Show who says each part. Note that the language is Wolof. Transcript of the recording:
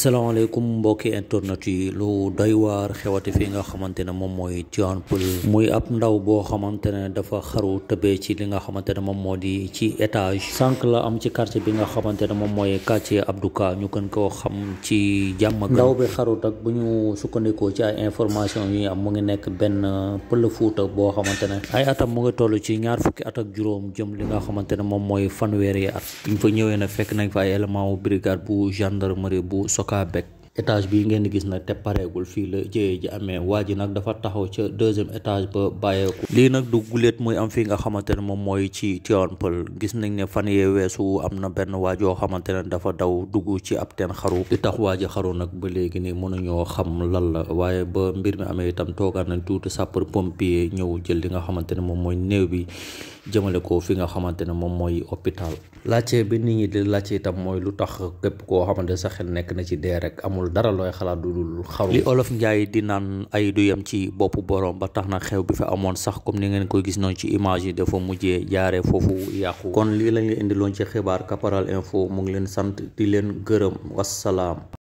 Speaker 1: salaamaaleykum mbokki internet yi lu doy waar xewati fi nga xamante ne moom mooy Tivaouane Peulh muy ab ndaw boo xamante ne dafa xaru tëbee ci li nga xamante ne moom moo di ci étage sànq la am ci quartier bi nga xamante ne moom mooy quartier Abdou Ka ñu gën ko xam ci jàmm ndaw bi xarut ak bu ñu sukkandikoo ci ay information yi am mu ngi nekk benn Pël Fuuta boo xamante ne ay atam mu ngi toll ci ñaar fukki at ak juróom jëm li nga xamante ne moom mooy fanweer yi at biñ fa ñëwee na fekk nañ fa ay élément wu brigade bu gendarmerie bu kaa bég étage bi ngeen di gis nag te pareegul fii la jëyee ji amee waa ji nag dafa taxaw ca deuxième étage ba bàyyeeku lii nag du guléet mooy am fii nga xamante ne moom mooy ci Tivaouane Peulh gis nañ ne fan yee weesu am na benn waajoo xamante ne dafa daw dugg ci ab teen xaru li tax nag ba léegi ni mënuñoo xam lan la waaye ba mbir mi amee itam toogaan nañ tuuti sapeur pompier ñëw jël li nga xamante ne moom mooy néew bi jëmale ko fi nga xamante ne moom mooy hôpital laajte bi nit ñi di laajte itam mooy lu tax képp koo xamante sa xel nekk na ci dee rek amul amul dara looy xalaat du dul xaru li olof njaay di naan ay du yem ci boppu borom ba tax na xew bi fi amoon sax comme ni ngeen koy gis noonu ci image yi dafa mujjee jaaree foofu yàqu kon lii lañ leen indiloon ci xibaar Kaparal Info mu ngi leen sant di leen gërëm wassalaam